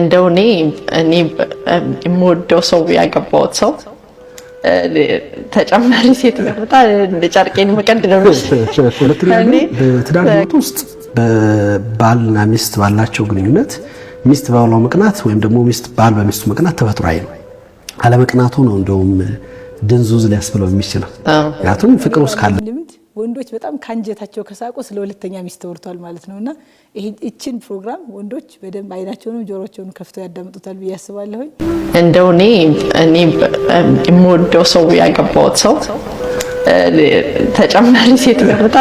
እንደው እኔ እኔ የምወደው ሰው ያገባሁት ሰው ተጨማሪ ሴት መጣ ጨርቄን መቀንድ ነው። በትዳር ህይወት ውስጥ በባልና ሚስት ባላቸው ግንኙነት ሚስት ባሏ መቅናት ወይም ደግሞ ሚስት ባል በሚስቱ መቅናት ተፈጥሯዊ ነው። አለመቅናቱ ነው እንደውም ድንዙዝ ሊያስብለው የሚችለው ምክንያቱም ፍቅር ውስጥ ካለ ወንዶች በጣም ከአንጀታቸው ከሳቁ ስለ ሁለተኛ ሚስት ተወርቷል ማለት ነው እና ይችን ፕሮግራም ወንዶች በደንብ አይናቸውንም ጆሮቸውን ከፍተው ያዳምጡታል ብዬ አስባለሁኝ። እንደው እኔ እኔ የምወደው ሰው ያገባሁት ሰው ተጨማሪ ሴት ገብታ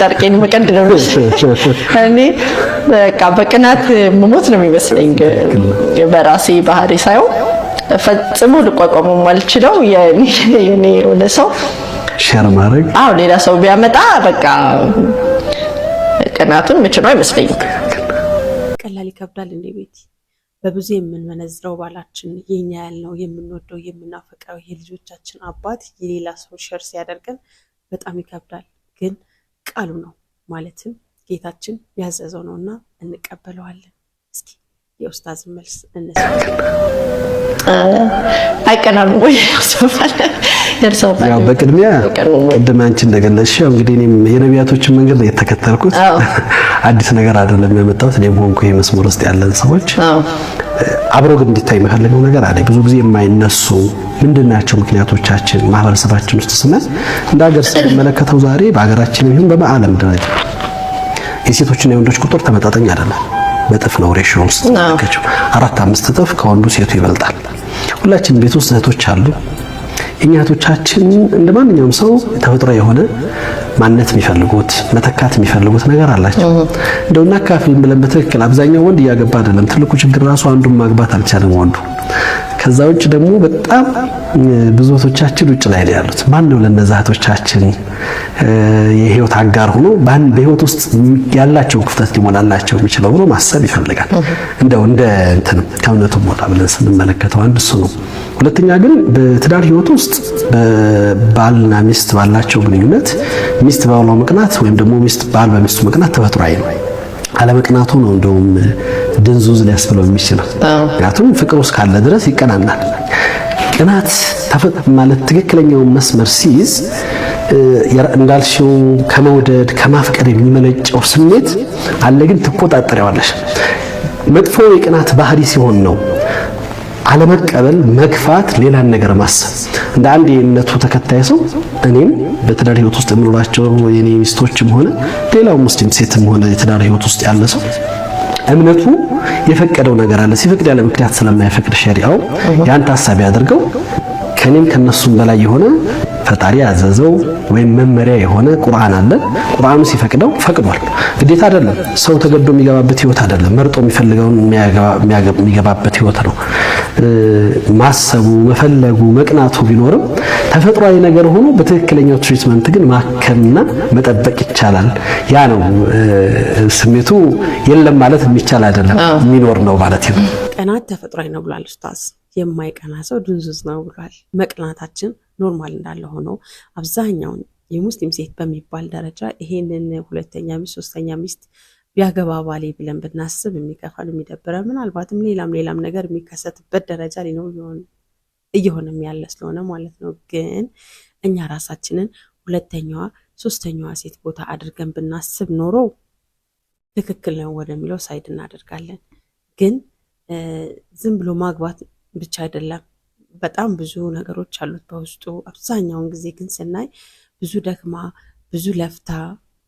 ጨርቄን መቀንድ ነው። እኔ በቃ በቅናት መሞት ነው የሚመስለኝ በራሴ ባህሪ ሳይሆን ፈጽሞ ልቋቋመው አልችለው የኔ የሆነ ሰው ሼር ማድረግ። አዎ ሌላ ሰው ቢያመጣ በቃ ቅናቱን የምችለው አይመስለኝም። ቀላል ይከብዳል እንዴ ቤት በብዙ የምንመነዝረው ባላችን የኛ ያልነው የምንወደው የምናፈቅረው የልጆቻችን አባት የሌላ ሰው ሸር ሲያደርገን በጣም ይከብዳል። ግን ቃሉ ነው ማለትም ጌታችን ያዘዘው ነው እና እንቀበለዋለን። እስኪ የኡስታዝ መልስ እንስ አይቀናም ወይ ያሰፋለን ደርሰውባል። በቅድሚያ ቅድም አንቺ እንደገለሽ እንግዲህ እኔም የነቢያቶችን መንገድ ነው የተከተልኩት። አዲስ ነገር አይደለም ያመጣሁት። እኔም ሆንኩ ይሄ መስመር ውስጥ ያለን ሰዎች አብሮ ግን እንዲታይ የምፈልገው ነገር አለ። ብዙ ጊዜ የማይነሱ ምንድናቸው ምክንያቶቻችን ማህበረሰባችን ውስጥ ስመን እንደ ሀገር ስንመለከተው ዛሬ በሀገራችን ይሁን በዓለም ደረጃ የሴቶችና የወንዶች ቁጥር ተመጣጣኝ አይደለም። በጥፍ ነው ሬሽዮ ውስጥ አራት አምስት እጥፍ ከወንዱ ሴቱ ይበልጣል። ሁላችንም ቤት ውስጥ እህቶች አሉ እኛቶቻችን እንደ ማንኛውም ሰው ተፈጥሮ የሆነ ማንነት የሚፈልጉት መተካት የሚፈልጉት ነገር አላቸው። እንደው እናካፍል ብለን በትክክል አብዛኛው ወንድ እያገባ አይደለም። ትልቁ ችግር ራሱ አንዱን ማግባት አልቻለም ወንዱ ከዛ ውጭ ደግሞ በጣም ብዙ እህቶቻችን ውጭ ላይ ያሉት። ማን ነው ለነዛ እህቶቻችን የህይወት አጋር ሆኖ በህይወት ውስጥ ያላቸው ክፍተት ሊሞላላቸው የሚችለው ብሎ ማሰብ ይፈልጋል። እንደው እንደ እንትን ከእምነቱም ወጣ ብለን ስንመለከተው አንድ እሱ ነው። ሁለተኛ ግን በትዳር ህይወት ውስጥ በባልና ሚስት ባላቸው ግንኙነት ሚስት ባሏ መቅናት ወይም ደግሞ ሚስት ባል በሚስቱ መቅናት ተፈጥሯዊ ነው። አለመቅናቱ ነው እንደውም ድንዙዝ ሊያስብለው የሚችለው። ምክንያቱም ፍቅር ውስጥ ካለ ድረስ ይቀናናል። ቅናት ማለት ትክክለኛውን መስመር ሲይዝ እንዳልሽው ከመውደድ ከማፍቀር የሚመነጨው ስሜት አለ፣ ግን ትቆጣጠሪዋለሽ። መጥፎ የቅናት ባህሪ ሲሆን ነው አለመቀበል፣ መግፋት፣ ሌላን ነገር ማሰብ። እንደ አንድ የእምነቱ ተከታይ ሰው እኔም በትዳር ሕይወት ውስጥ የምኖራቸው የኔ ሚስቶችም ሆነ ሌላው ሙስሊም ሴትም ሆነ የትዳር ሕይወት ውስጥ ያለ ሰው እምነቱ የፈቀደው ነገር አለ። ሲፈቅድ ያለ ምክንያት ስለማይፈቅድ ሸሪአው ያን ታሳቢ አድርገው ከኔም ከነሱም በላይ የሆነ ፈጣሪ ያዘዘው ወይም መመሪያ የሆነ ቁርአን አለ። ቁርአኑ ሲፈቅደው ፈቅዷል። ግዴታ አይደለም። ሰው ተገዶ የሚገባበት ህይወት አይደለም። መርጦ የሚፈልገውን የሚገባበት ህይወት ነው። ማሰቡ መፈለጉ መቅናቱ ቢኖርም ተፈጥሯዊ ነገር ሆኖ በትክክለኛው ትሪትመንት ግን ማከምና መጠበቅ ይቻላል። ያ ነው ስሜቱ የለም ማለት የሚቻል አይደለም፣ የሚኖር ነው ማለት ነው። ቀናት ተፈጥሯዊ ነው ብሏል ኡስታዝ። የማይቀና ሰው ድንዙዝ ነው ብሏል። መቅናታችን ኖርማል እንዳለ ሆኖ አብዛኛውን የሙስሊም ሴት በሚባል ደረጃ ይሄንን ሁለተኛ ሚስት ሶስተኛ ሚስት ቢያገባ ባሌ ብለን ብናስብ የሚከፋል የሚደብረ ምናልባትም ሌላም ሌላም ነገር የሚከሰትበት ደረጃ ሊኖር እየሆነም ያለ ስለሆነ ማለት ነው። ግን እኛ ራሳችንን ሁለተኛዋ ሶስተኛዋ ሴት ቦታ አድርገን ብናስብ ኖሮ ትክክል ነው ወደሚለው ሳይድ እናደርጋለን። ግን ዝም ብሎ ማግባት ብቻ አይደለም፣ በጣም ብዙ ነገሮች አሉት በውስጡ። አብዛኛውን ጊዜ ግን ስናይ ብዙ ደክማ ብዙ ለፍታ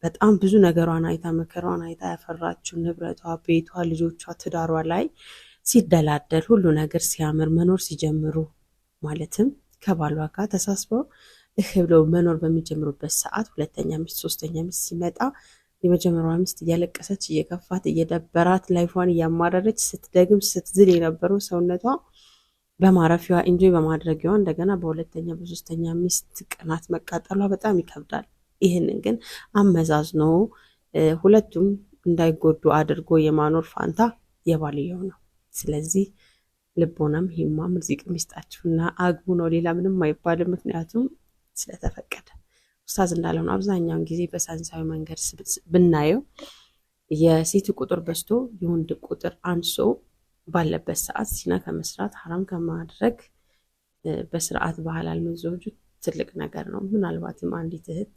በጣም ብዙ ነገሯን አይታ መከሯን አይታ ያፈራችው ንብረቷ፣ ቤቷ፣ ልጆቿ፣ ትዳሯ ላይ ሲደላደል ሁሉ ነገር ሲያምር መኖር ሲጀምሩ ማለትም ከባሏ ጋር ተሳስበው እህ ብለው መኖር በሚጀምሩበት ሰዓት ሁለተኛ ሚስት፣ ሶስተኛ ሚስት ሲመጣ የመጀመሪያዋ ሚስት እያለቀሰች እየከፋት እየደበራት ላይፏን እያማረረች ስትደግም ስትዝል የነበረው ሰውነቷ በማረፊዋ እንጂ በማድረጊዋ እንደገና በሁለተኛ በሶስተኛ ሚስት ቅናት መቃጠሏ በጣም ይከብዳል። ይህንን ግን አመዛዝኖ ሁለቱም እንዳይጎዱ አድርጎ የማኖር ፋንታ የባልየው ነው። ስለዚህ ልቦናም ሂማም ርዚቅ እና አግቡ ነው። ሌላ ምንም አይባልም፣ ምክንያቱም ስለተፈቀደ። ኡስታዝ እንዳለሆነ አብዛኛውን ጊዜ በሳይንሳዊ መንገድ ብናየው የሴት ቁጥር በዝቶ የወንድ ቁጥር አንሶ ባለበት ሰዓት ሲና ከመስራት ሀራም ከማድረግ በስርዓት ባህላል አልመዘወጁ ትልቅ ነገር ነው። ምናልባትም አንዲት እህት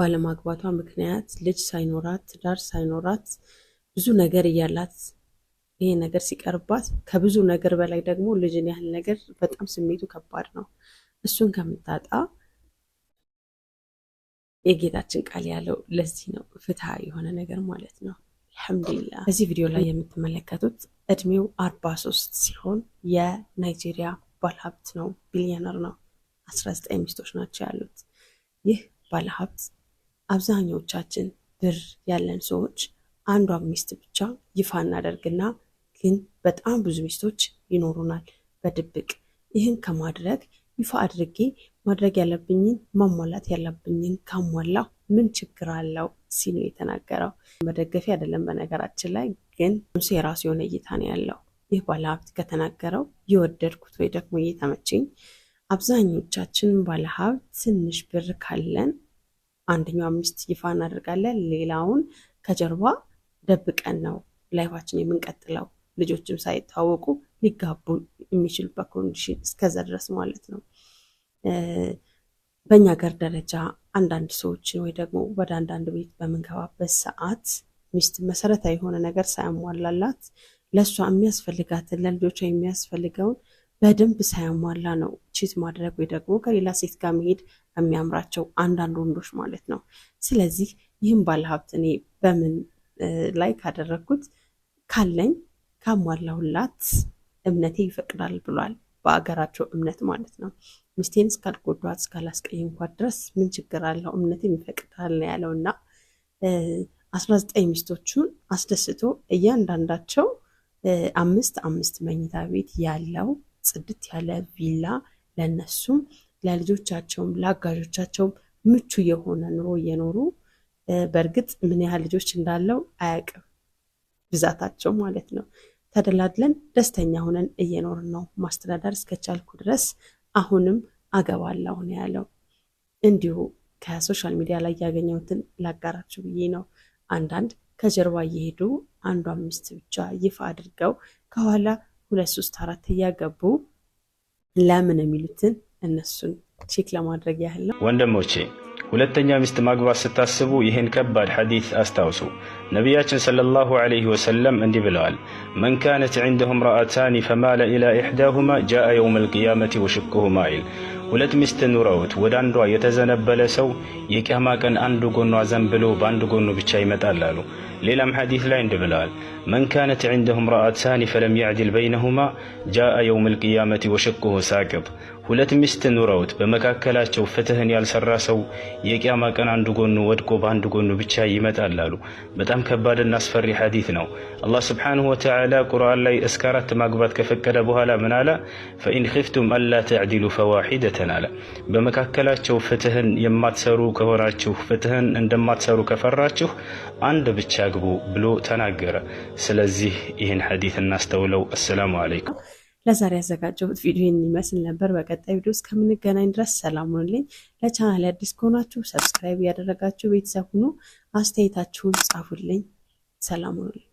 ባለማግባቷ ምክንያት ልጅ ሳይኖራት ትዳር ሳይኖራት ብዙ ነገር እያላት ይሄ ነገር ሲቀርባት ከብዙ ነገር በላይ ደግሞ ልጅን ያህል ነገር በጣም ስሜቱ ከባድ ነው። እሱን ከምታጣ የጌታችን ቃል ያለው ለዚህ ነው፣ ፍትሐ የሆነ ነገር ማለት ነው። አልሐምዱሊላህ በዚህ ቪዲዮ ላይ የምትመለከቱት እድሜው አርባ ሶስት ሲሆን የናይጄሪያ ባለሀብት ነው፣ ቢሊዮነር ነው። አስራ ዘጠኝ ሚስቶች ናቸው ያሉት ይህ ባለሀብት አብዛኛዎቻችን ብር ያለን ሰዎች አንዷን ሚስት ብቻ ይፋ እናደርግና ግን በጣም ብዙ ሚስቶች ይኖሩናል በድብቅ። ይህን ከማድረግ ይፋ አድርጌ ማድረግ ያለብኝን ማሟላት ያለብኝን ካሟላሁ ምን ችግር አለው ሲል የተናገረው። መደገፊያ አይደለም በነገራችን ላይ ግን ምሱ የራሱ የሆነ እይታ ነው ያለው። ይህ ባለሀብት ከተናገረው የወደድኩት ወይ ደግሞ እየተመችኝ አብዛኞቻችን ባለሀብት ትንሽ ብር ካለን አንደኛው ሚስት ይፋ እናደርጋለን፣ ሌላውን ከጀርባ ደብቀን ነው ላይፋችን የምንቀጥለው። ልጆችም ሳይታወቁ ሊጋቡ የሚችሉበት ኮንዲሽን እስከዛ ድረስ ማለት ነው። በእኛ ሀገር ደረጃ አንዳንድ ሰዎችን ወይ ደግሞ ወደ አንዳንድ ቤት በምንገባበት ሰዓት ሚስት መሰረታዊ የሆነ ነገር ሳያሟላላት ለእሷ የሚያስፈልጋትን ለልጆቿ የሚያስፈልገውን በደንብ ሳያሟላ ነው ቺት ማድረግ ወይ ደግሞ ከሌላ ሴት ጋር መሄድ የሚያምራቸው አንዳንድ ወንዶች ማለት ነው። ስለዚህ ይህም ባለሀብት እኔ በምን ላይ ካደረግኩት ካለኝ ካሟላሁላት እምነቴ ይፈቅዳል ብሏል። በአገራቸው እምነት ማለት ነው። ሚስቴን እስካልጎዷት እንኳ ድረስ ምን ችግር አለው? እምነቴም ይፈቅዳል ነው ያለው እና አስራ ዘጠኝ ሚስቶቹን አስደስቶ እያንዳንዳቸው አምስት አምስት መኝታ ቤት ያለው ጽድት ያለ ቪላ ለነሱም ለልጆቻቸውም ለአጋዦቻቸውም ምቹ የሆነ ኑሮ እየኖሩ በእርግጥ ምን ያህል ልጆች እንዳለው አያውቅም፣ ብዛታቸው ማለት ነው። ተደላድለን ደስተኛ ሆነን እየኖርን ነው። ማስተዳደር እስከቻልኩ ድረስ አሁንም አገባለሁ ነው ያለው። እንዲሁ ከሶሻል ሚዲያ ላይ ያገኘሁትን ላጋራችሁ ብዬ ነው። አንዳንድ ከጀርባ እየሄዱ አንዷ ሚስት ብቻ ይፋ አድርገው ከኋላ ሁለት ሶስት አራት እያገቡ ለምን የሚሉትን እነሱን ቼክ ለማድረግ ያህል ነው። ወንድሞቼ ሁለተኛ ሚስት ማግባት ስታስቡ ይህን ከባድ ሐዲት አስታውሱ። ነቢያችን ሰለላሁ ዐለይሂ ወሰለም እንዲህ ብለዋል፣ መን ካነት ዒንደሁ ረአታኒ ፈማለ ኢላ ኢሕዳሁማ ጃአ የውም ልቅያመቲ ወሽቅሁማ ይል ሁለት ሚስት ኑረውት ወደ አንዷ የተዘነበለ ሰው የቅያማ ቀን አንዱ ጎኗ ዘንብሎ በአንዱ ጎኑ ብቻ ይመጣል አሉ። ሌላም ሐዲስ ላይ እንድ መን ካነት ዐንደሁ ምርአታኒ ፈለም ያዕድል በይነሁማ ጃአ የውም ልቅያመቲ ወሸቁሁ ሳቅጥ። ሁለት ሚስት ኑረውት በመካከላቸው ፍትህን ያልሰራ ሰው የቅያማ ቀን አንዱ ጎኑ ወድቆ በአንድ ጎኑ ብቻ ይመጣል አሉ። በጣም ከባድና አስፈሪ ሐዲት ነው። አላህ ስብሓንሁ ወተዓላ ቁርአን ላይ እስከ አራት ማግባት ከፈቀደ በኋላ ምን አለ? ፈኢን ኺፍቱም አላ ተዕዲሉ ፈዋሒደተን አለ። በመካከላቸው ፍትህን የማትሰሩ ከሆናችሁ ፍትህን እንደማትሰሩ ከፈራችሁ አንድ ብቻ አያግቡ ብሎ ተናገረ። ስለዚህ ይህን ሐዲት እናስተውለው። አሰላሙ አለይኩም። ለዛሬ ያዘጋጀሁት ቪዲዮ ይህን ይመስል ነበር። በቀጣይ ቪዲዮ እስከምንገናኝ ድረስ ሰላም ሁኑልኝ። ለቻናል አዲስ ከሆናችሁ ሰብስክራይብ እያደረጋችሁ ቤተሰብ ሁኑ። አስተያየታችሁን ጻፉልኝ። ሰላም ሁኑልኝ።